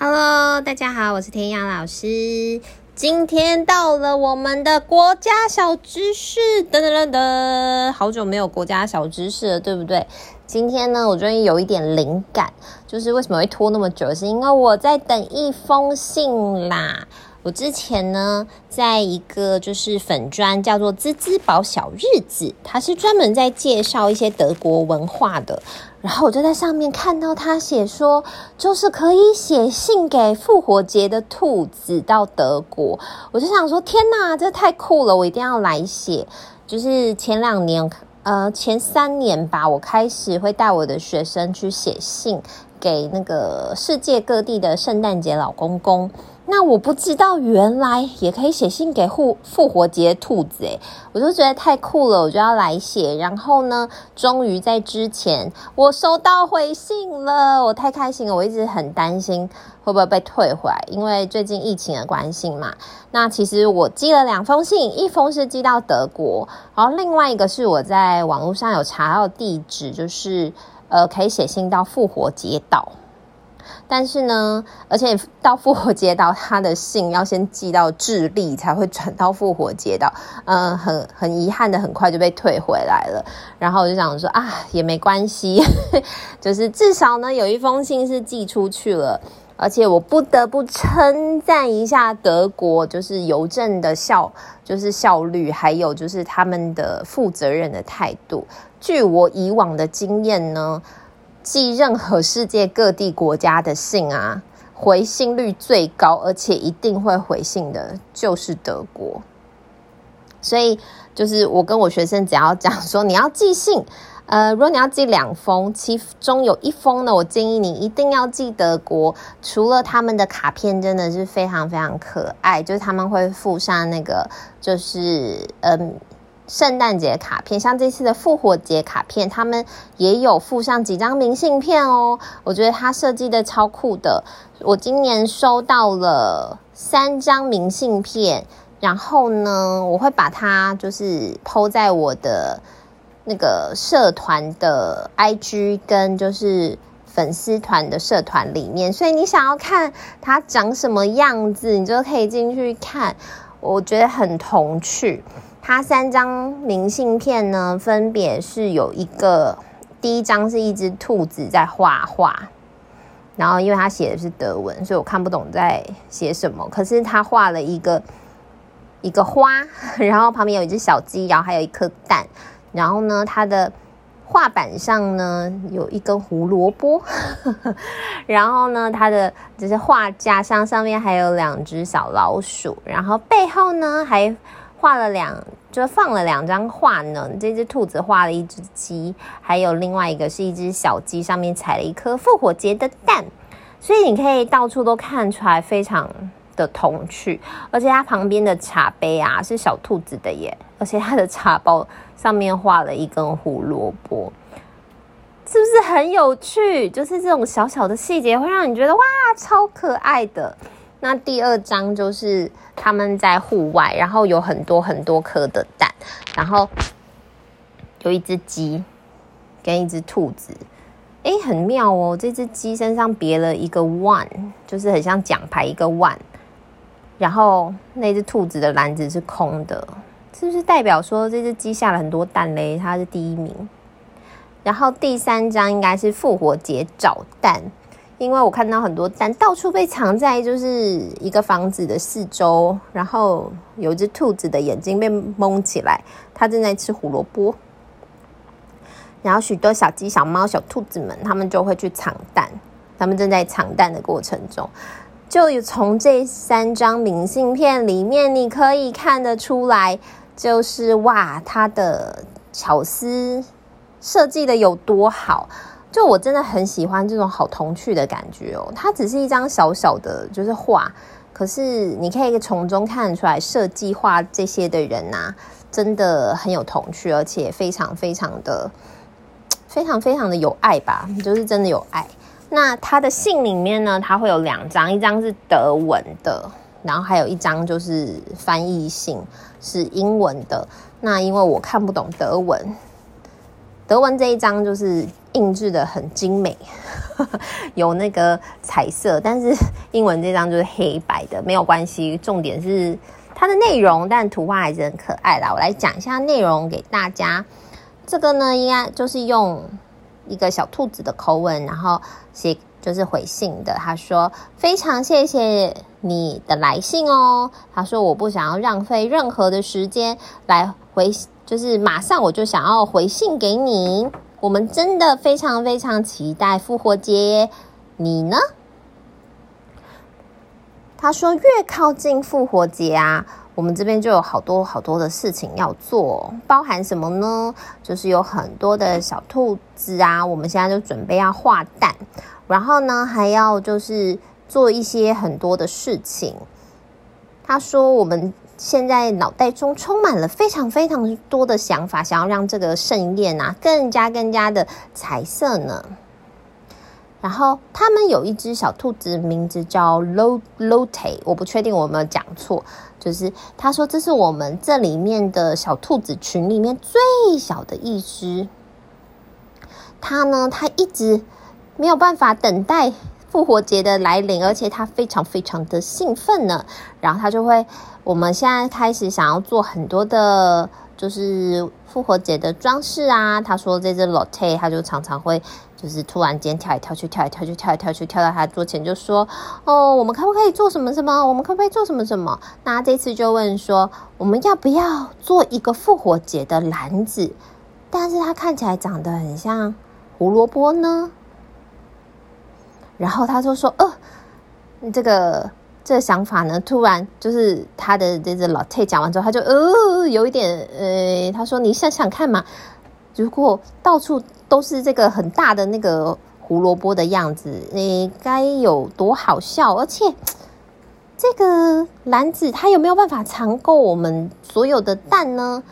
Hello，大家好，我是彈雅老師。今天到了我們的國家小知識，噔噔噔噔，好久沒有國家小知識了，對不對？今天呢，我終於有一點靈感，就是為什麼會拖那麼久，是因為我在等一封信啦。我之前呢，在一個就是粉專叫做“滋滋寶小日子”，他是專門在介紹一些德國文化的。然後我就在上面看到他寫說，就是可以寫信給復活節的兔子到德國。我就想說，天哪，這太酷了！我一定要來寫。就是前兩年，呃，前三年吧，我開始會帶我的學生去寫信給那個世界各地的聖誕節老公公。那我不知道，原來也可以寫信給復復活節兔子誒、欸、我就覺得太酷了，我就要來寫。然後呢，終於在之前我收到回信了，我太開心了！我一直很擔心會不會被退回來，因為最近疫情的關係嘛。那其實我寄了兩封信，一封是寄到德國，然後另外一個是我在網絡上有查到的地址，就是呃，可以寫信到復活節島。但是呢，而且到復活節島，他的信要先寄到智利，才會轉到復活節島。嗯，很很遺憾的，很快就被退回來了。然後我就想說啊，也沒關係， 就是至少呢，有一封信是寄出去了。而且我不得不稱讚一下德國，就是郵政的效，就是效率，還有就是他們的負責任的態度。據我以往的經驗呢，寄任何世界各地國家的信啊，回信率最高，而且一定會回信的，就是德國。所以，就是我跟我學生只要講說，你要寄信，呃，如果你要寄兩封，其中有一封呢，我建議你一定要寄德國，除了他們的卡片真的是非常非常可愛，就是他們會附上那個，就是嗯。聖誕節卡片，像這次的復活節卡片，他們也有附上幾張明信片哦、喔。我覺得它設計得超酷的。我今年收到了三張明信片，然後呢，我會把它就是 po 在我的那個社團的 IG 跟就是粉絲團的社團裡面。所以你想要看它長什麼樣子，你就可以進去看。我覺得很童趣。他三張明信片呢，分別是有一個第一張是一隻兔子在畫畫，然後因為他寫的是德文，所以我看不懂在寫什麼。可是他畫了一個一個花，然後旁邊有一隻小雞，然後還有一顆蛋。然後呢，他的畫板上呢，有一根胡蘿蔔， 然後呢，他的就是畫架上上面還有兩隻小老鼠，然後背後呢還。畫了兩，就放了兩張畫呢。這只兔子畫了一只雞，還有另外一個是一只小雞，上面踩了一顆復活節的蛋。所以你可以到處都看出來，非常的童趣。而且它旁邊的茶杯啊是小兔子的耶，而且它的茶包上面畫了一根胡蘿蔔，是不是很有趣？就是這種小小的細節會讓你覺得哇，超可愛的。那第二張就是他們在戶外，然後有很多很多顆的蛋，然後有一隻雞跟一隻兔子，誒，很妙哦！這隻雞身上別了一個 one，就是很像獎牌一個 one，然後那隻兔子的籃子是空的，是不是代表說這隻雞下了很多蛋嘞？它是第一名。然後第三張應該是復活節找蛋。因為我看到很多蛋到處被藏在就是一個房子的四周，然後有一隻兔子的眼睛被蒙起來，它正在吃胡蘿蔔。然後許多小雞、小貓、小兔子們，它們就會去藏蛋。它們正在藏蛋的過程中，就從這三張明信片裡面，你可以看得出來，就是哇，它的巧思設計的有多好。就我真的很喜歡這種好童趣的感覺哦，它只是一張小小的，就是畫，可是你可以從中看得出來，設計畫這些的人吶，真的很有童趣，而且非常非常的，非常非常的有愛吧，就是真的有愛。那他的信裡面呢，他會有兩張，一張是德文的，然後還有一張就是翻譯信，是英文的。那因為我看不懂德文，德文這一張就是。印製的很精美， 有那個彩色，但是英文這張就是黑白的，沒有關係。重點是它的內容，但圖畫還是很可愛啦，我來講一下內容給大家。這個呢，應該就是用一個小兔子的口吻，然後寫就是回信的。他說：“非常謝謝你的來信哦。”他說：“我不想要浪費任何的時間來回，就是馬上我就想要回信給你。”我們真的非常非常期待復活節，你呢？他說越靠近復活節啊，我們這邊就有好多好多的事情要做，包含什麼呢？就是有很多的小兔子啊，我們現在就準備要畫蛋，然後呢還要就是做一些很多的事情。他說我們。現在腦袋中充滿了非常非常多的想法，想要讓這個盛宴啊更加更加的彩色呢。然後他們有一隻小兔子，名字叫 Lo Lo Te，我不確定我有沒有講錯，就是他說這是我們這裡面的小兔子群裡面最小的一隻。他呢，他一直沒有辦法等待復活節的來臨，而且他非常非常的興奮呢。然後他就會，我們現在開始想要做很多的，就是復活節的裝飾啊。他說這隻洛泰，他就常常會，就是突然間跳來跳去，跳來跳去，跳來跳去，跳到他桌前，就說：“哦，我們可不可以做什麼什麼？我們可不可以做什麼什麼？”那這次就問說，我們要不要做一個復活節的籃子？但是它看起來長得很像胡蘿蔔呢。然後他就說：“呃，這個這個想法呢，突然就是他的這個老太講完之後，他就呃有一點呃，他說你想想看嘛，如果到處都是這個很大的那個胡蘿蔔的樣子，你，呃，該有多好笑？而且這個籃子它有沒有辦法藏夠我們所有的蛋呢？”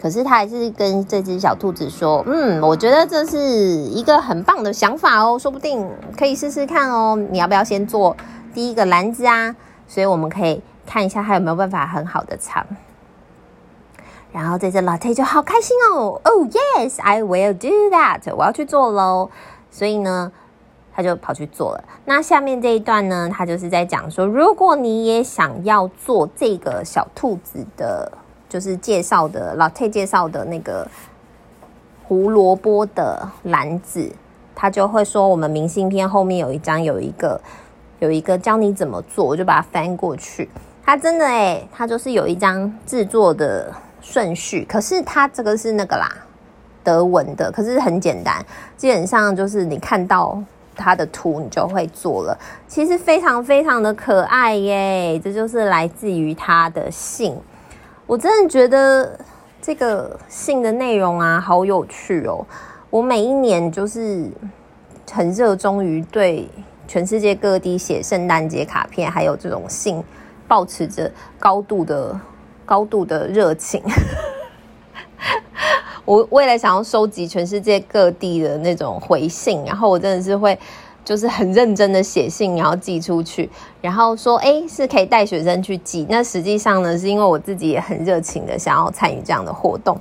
可是他還是跟這只小兔子說：“嗯，我覺得這是一個很棒的想法哦，說不定可以試試看哦。你要不要先做第一個籃子啊？所以我們可以看一下他有沒有辦法很好的藏。然後這只老太就好開心哦！Oh yes, I will do that，我要去做咯。所以呢，他就跑去做了。那下面這一段呢，他就是在講說，如果你也想要做這個小兔子的。”就是介紹的老 T 介紹的那個胡蘿蔔的籃子，他就會說，我們明信片後面有一張有一個有一個教你怎麼做，我就把它翻過去。他真的欸，他就是有一張製作的順序，可是他這個是那個啦，德文的，可是很簡單，基本上就是你看到他的圖你就會做了，其實非常非常的可愛耶，欸，這就是來自於他的信。我真的覺得這個信的內容啊，好有趣哦、喔！我每一年就是很熱衷於對全世界各地寫聖誕節卡片，還有這種信，抱持着高度的高度的熱情。 我未來想要收集全世界各地的那種回信，然後我真的是會。就是很認真的寫信，然後寄出去，然後說，欸，是可以帶學生去寄。那實際上呢，是因為我自己也很熱情的想要參與這樣的活動。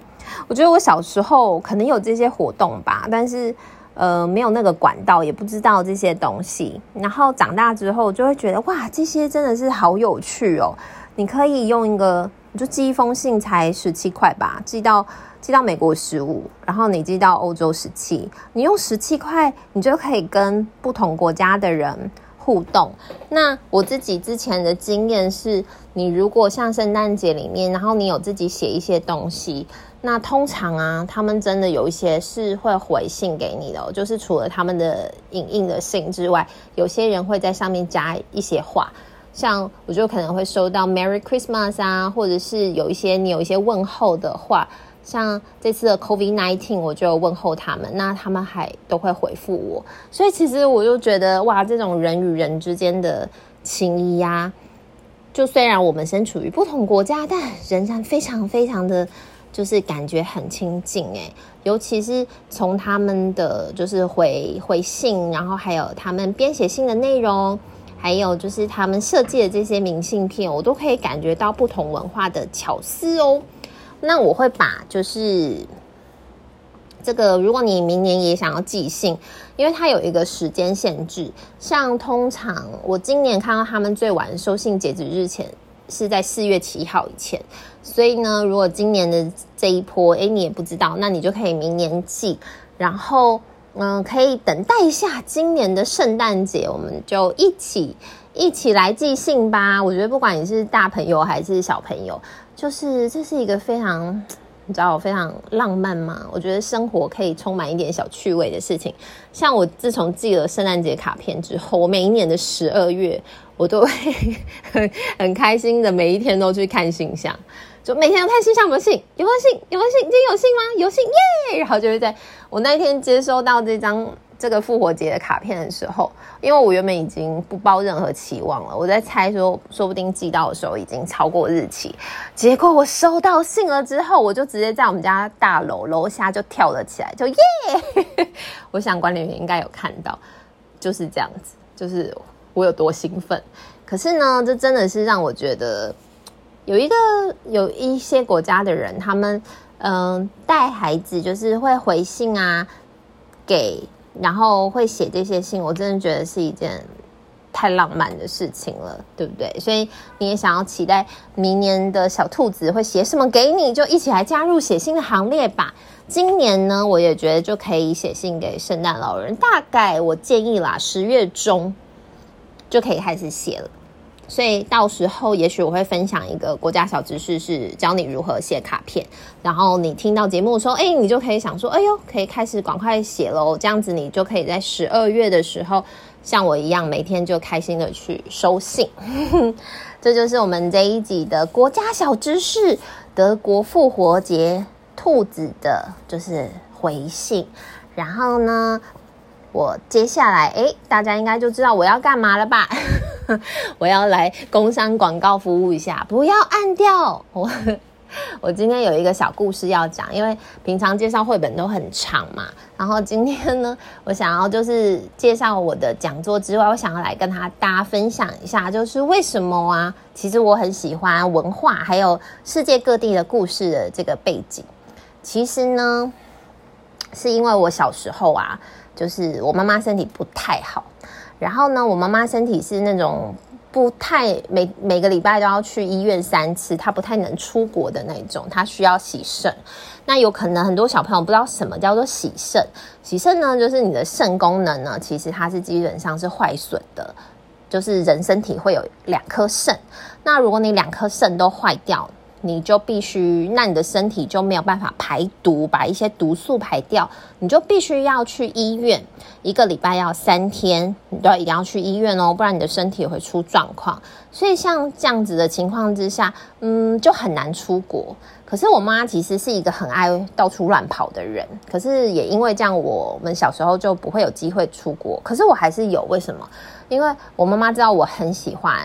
我覺得我小時候可能有這些活動吧，但是呃，沒有那個管道，也不知道這些東西。然後長大之後就會覺得，哇，這些真的是好有趣哦！你可以用一個。你就寄一封信才十七塊吧，寄到寄到美國十五，然後你寄到歐洲十七，你用十七塊，你就可以跟不同國家的人互動。那我自己之前的經驗是，你如果像聖誕節裡面，然後你有自己寫一些東西，那通常啊，他們真的有一些是會回信給你的哦，就是除了他們的影印的信之外，有些人會在上面加一些話。像我就可能會收到 Merry Christmas 啊，或者是有一些你有一些問候的話，像這次的 COVID-19，我就問候他們，那他們還都會回復我，所以其實我就覺得哇，這種人與人之間的情誼呀、啊，就雖然我們身處於不同國家，但仍然非常非常的就是感覺很親近哎，尤其是從他們的就是回回信，然後還有他們編寫信的內容。還有就是他們設計的這些明信片，我都可以感覺到不同文化的巧思哦。那我會把就是這個，如果你明年也想要寄信，因為它有一個時間限制，像通常我今年看到他們最晚收信截止日前是在四月七號以前，所以呢，如果今年的這一波，哎，你也不知道，那你就可以明年寄，然後。嗯，可以等待一下今年的聖誕節，我們就一起一起來寄信吧。我覺得不管你是大朋友還是小朋友，就是這是一個非常你知道非常浪漫嘛。我覺得生活可以充滿一點小趣味的事情。像我自從寄了聖誕節卡片之後，我每一年的十二月，我都會很很開心的每一天都去看信箱。就每天要看信箱，有沒有信，有沒有信，有沒有信，今天有信嗎？有信，耶、yeah!！然後就會在我那天接收到這張這個復活節的卡片的時候，因為我原本已經不抱任何期望了，我在猜說，說不定寄到的時候已經超過日期。結果我收到信了之後，我就直接在我們家大樓樓下就跳了起來，就耶、yeah! 我想管理員應該有看到，就是這樣子，就是我有多興奮。可是呢，這真的是讓我覺得。有一個有一些國家的人，他們嗯、呃、帶孩子就是會回信啊，給然後會寫這些信，我真的覺得是一件太浪漫的事情了，對不對？所以你也想要期待明年的小兔子會寫什麼給你，就一起來加入寫信的行列吧。今年呢，我也覺得就可以寫信給聖誕老人，大概我建議啦，十月中就可以開始寫了。所以到時候，也許我會分享一個國家小知識，是教你如何寫卡片。然後你聽到節目的時候，哎，你就可以想說，哎呦，可以開始趕快寫嘍。這樣子，你就可以在十二月的時候，像我一樣，每天就開心的去收信。 這就是我們這一集的國家小知識：德國復活節兔子的，就是回信。然後呢，我接下來，哎、欸，大家應該就知道我要幹嘛了吧？ 我要來工商廣告服務一下，不要按掉。我我今天有一個小故事要講，因為平常介紹繪本都很長嘛。然後今天呢，我想要就是介紹我的講座之外，我想要來跟他大家分享一下，就是為什麼啊？其實我很喜歡文化，還有世界各地的故事的這個背景。其實呢，是因為我小時候啊。就是我媽媽身體不太好，然後呢，我媽媽身體是那種不太，每每個禮拜都要去醫院三次，她不太能出國的那種，她需要洗腎。那有可能很多小朋友不知道什麼叫做洗腎，洗腎呢，就是你的腎功能呢，其實它是基本上是壞損的，就是人身體會有兩顆腎，那如果你兩顆腎都壞掉。你就必須，那你的身體就沒有辦法排毒，把一些毒素排掉，你就必須要去醫院，一個禮拜要三天，你都要一定要去醫院哦，不然你的身體也會出狀況。所以像這樣子的情況之下，嗯，就很難出國。可是我媽其實是一個很愛到處亂跑的人，可是也因為這樣我，我們小時候就不會有機會出國。可是我還是有，為什麼？因為我媽媽知道我很喜歡。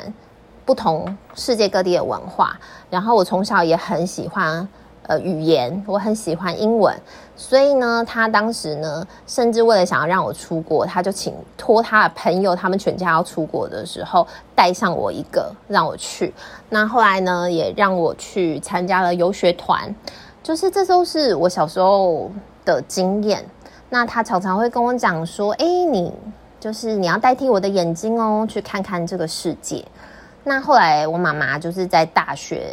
不同世界各地的文化，然後我從小也很喜歡呃語言，我很喜歡英文，所以呢，他當時呢，甚至為了想要讓我出國，他就請託他的朋友，他們全家要出國的時候帶上我一個，讓我去。那後來呢，也讓我去參加了遊學團，就是這都是我小時候的經驗。那他常常會跟我講說：“誒，你就是你要代替我的眼睛哦，去看看這個世界。”那後來，我媽媽就是在大學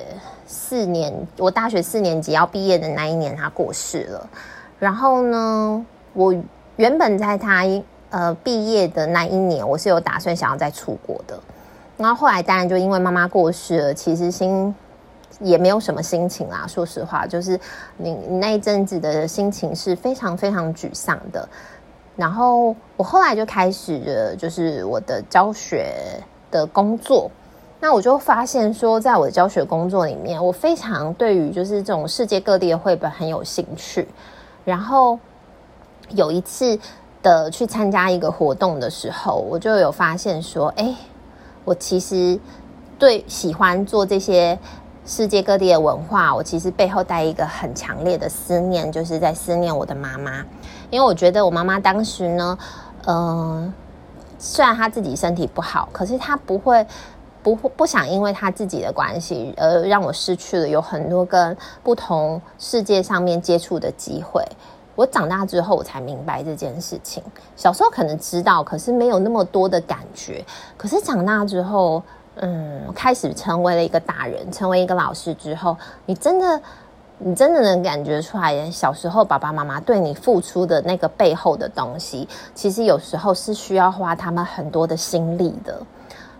四年，我大學四年級要畢業的那一年，她過世了。然後呢，我原本在她呃畢業的那一年，我是有打算想要再出國的。然後後來，當然就因為媽媽過世了，其實心也沒有什麼心情啦。說實話，就是你那一陣子的心情是非常非常沮喪的。然後我後來就開始了，就是我的教學的工作。那我就發現說，在我的教學工作裡面，我非常對於就是這種世界各地的繪本很有興趣。然後有一次的去參加一個活動的時候，我就有發現說，哎，我其實對喜歡做這些世界各地的文化，我其實背後帶一個很強烈的思念，就是在思念我的媽媽。因為我覺得我媽媽當時呢，嗯、呃，雖然她自己身體不好，可是她不會。不不想因為他自己的關係，而讓我失去了有很多跟不同世界上面接觸的機會。我長大之後，我才明白這件事情。小時候可能知道，可是沒有那麼多的感覺。可是長大之後，嗯，開始成為了一個大人，成為一個老師之後，你真的，你真的能感覺出來，小時候爸爸媽媽對你付出的那個背後的東西，其實有時候是需要花他們很多的心力的。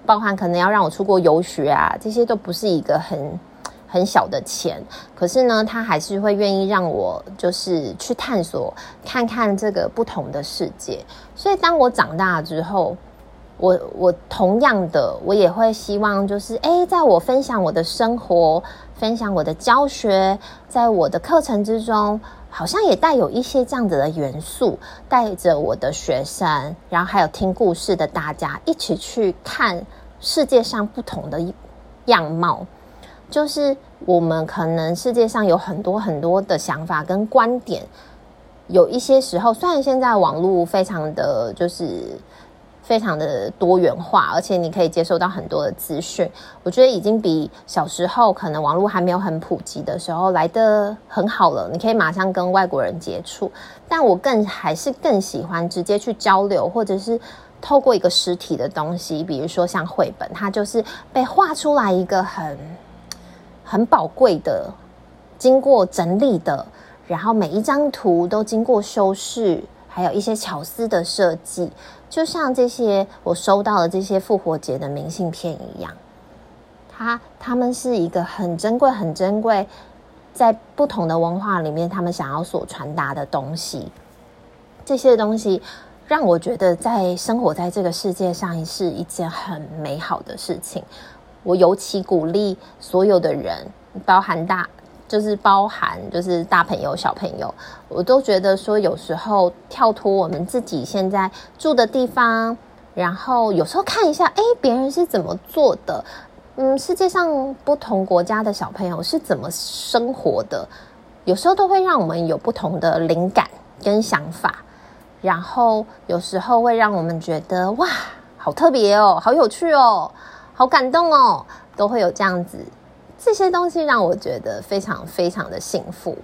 包含，可能要讓我出國遊學啊，這些都不是一個很很小的錢，可是呢，他還是會願意讓我就是去探索，看看這個不同的世界。所以當我長大之後，我我同樣的我也會希望就是誒、欸，在我分享我的生活，分享我的教學，在我的課程之中。好像也帶有一些這樣子的元素，帶着我的學生，然後還有聽故事的大家，一起去看世界上不同的樣貌。就是我們可能世界上有很多很多的想法跟觀點，有一些時候，雖然現在網絡非常的就是。非常的多元化，而且你可以接收到很多的資訊。我覺得已經比小時候可能網絡還沒有很普及的時候來得很好了。你可以馬上跟外國人接觸，但我更還是更喜歡直接去交流，或者是透過一個實體的東西，比如說像繪本，它就是被畫出來一個很很寶貴的、經過整理的，然後每一張圖都經過修飾。還有一些巧思的設計，就像這些我收到的這些復活節的明信片一樣，它它們是一個很珍貴、很珍貴，在不同的文化裡面，他們想要所傳達的東西，這些東西讓我覺得在生活在這個世界上是一件很美好的事情。我尤其鼓勵所有的人，包含大。就是包含，就是大朋友小朋友，我都覺得說，有時候跳脫我們自己現在住的地方，然後有時候看一下，誒，別人是怎麼做的？嗯，世界上不同國家的小朋友是怎麼生活的？有時候都會讓我們有不同的靈感跟想法，然後有時候會讓我們覺得哇，好特別哦，好有趣哦，好感動哦，都會有這樣子。這些東西讓我覺得非常非常的幸福，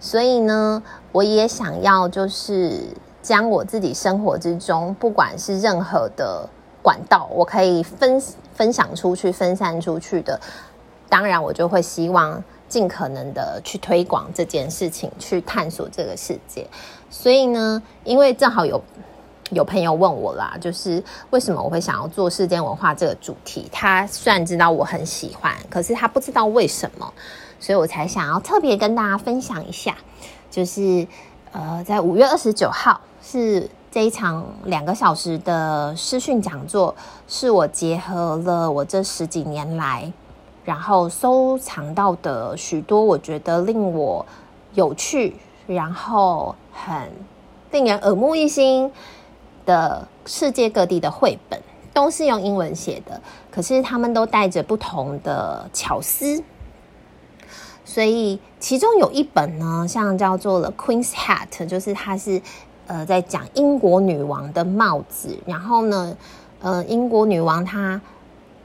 所以呢，我也想要就是將我自己生活之中，不管是任何的管道，我可以分分享出去、分散出去的，當然我就會希望盡可能的去推廣這件事情，去探索這個世界。所以呢，因為正好有。有朋友問我啦，就是為什麼我會想要做世界文化這個主題？他雖然知道我很喜歡，可是他不知道為什麼，所以我才想要特別跟大家分享一下。就是呃，在五月二十九號是這一場兩個小時的視訊講座，是我結合了我這十幾年來，然後收藏到的許多我覺得令我有趣，然後很令人耳目一新。的世界各地的繪本都是用英文寫的，可是他們都帶着不同的巧思，所以其中有一本呢，像叫做了《Queen's Hat》，就是它是呃在講英國女王的帽子，然後呢，呃，英國女王她。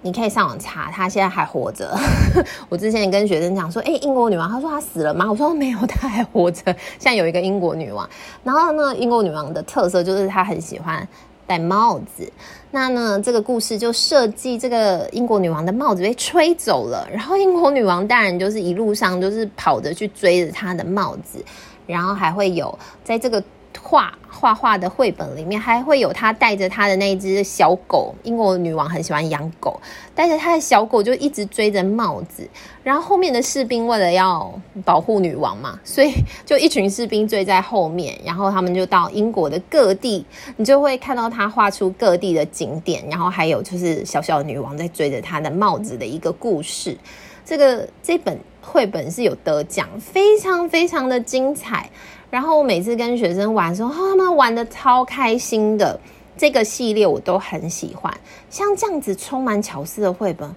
你可以上網查，她現在還活着。 我之前也跟學生講說，哎、欸，英國女王，她說她死了嗎？我說沒有，她還活着。現在有一個英國女王，然後呢，英國女王的特色就是她很喜歡戴帽子。那呢，這個故事就設計這個英國女王的帽子被吹走了，然後英國女王大人就是一路上就是跑着去追着她的帽子，然後還會有在這個。畫畫畫的繪本裡面還會有他帶着他的那隻小狗，英國女王很喜歡養狗，帶着他的小狗就一直追着帽子，然後後面的士兵為了要保護女王嘛，所以就一群士兵追在後面，然後他們就到英國的各地，你就會看到他畫出各地的景點，然後還有就是小小的女王在追着他的帽子的一個故事。這個這本繪本是有得獎，非常非常的精彩。然後我每次跟學生玩的時候，哦，他們玩得超開心的。這個系列我都很喜歡，像這樣子充滿巧思的繪本，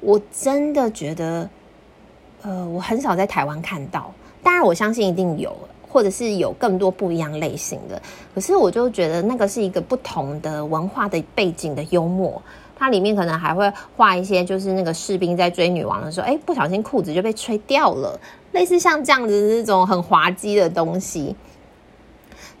我真的覺得，呃，我很少在台灣看到。當然，我相信一定有，或者是有更多不一樣類型的。可是我就覺得那個是一個不同的文化的背景的幽默，它裡面可能還會畫一些，就是那個士兵在追女王的時候，哎，不小心褲子就被吹掉了。類似像這樣子的那種很滑稽的東西，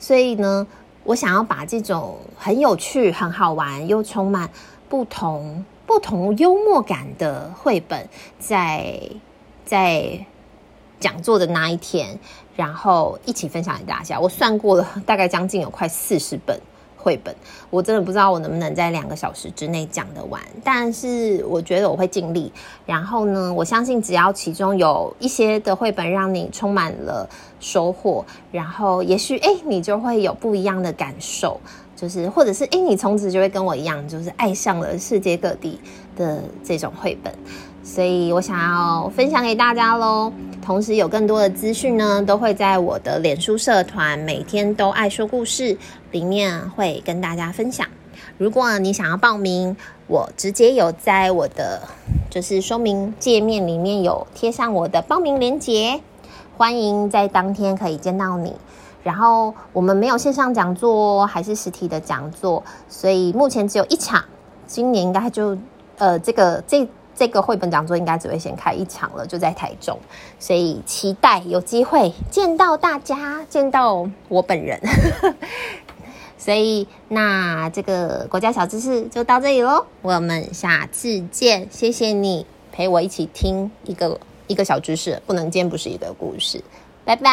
所以呢，我想要把這種很有趣、很好玩又充滿不同不同幽默感的繪本在，在在講座的那一天，然後一起分享給大家。我算過了，大概將近有快四十本。繪本，我真的不知道我能不能在兩個小時之內講得完，但是我覺得我會盡力。然後呢，我相信只要其中有一些的繪本讓你充滿了收穫，然後也許誒，你就會有不一樣的感受，就是或者是誒，你從此就會跟我一樣，就是愛上了世界各地的這種繪本。所以我想要分享給大家嘍。同時，有更多的資訊呢，都會在我的臉書社團“每天都愛說故事”裡面會跟大家分享。如果你想要報名，我直接有在我的就是說明界面裡面有貼上我的報名連結，歡迎在當天可以見到你。然後我們沒有線上講座，還是實體的講座，所以目前只有一場。今年應該就呃，這個這。這個繪本講座應該只會先開一場了，就在台中，所以期待有機會見到大家，見到我本人。 所以那這個國家小知識就到這裡嘍，我們下次見，謝謝你陪我一起聽一個一個小知識，不能見不是一個故事，拜拜。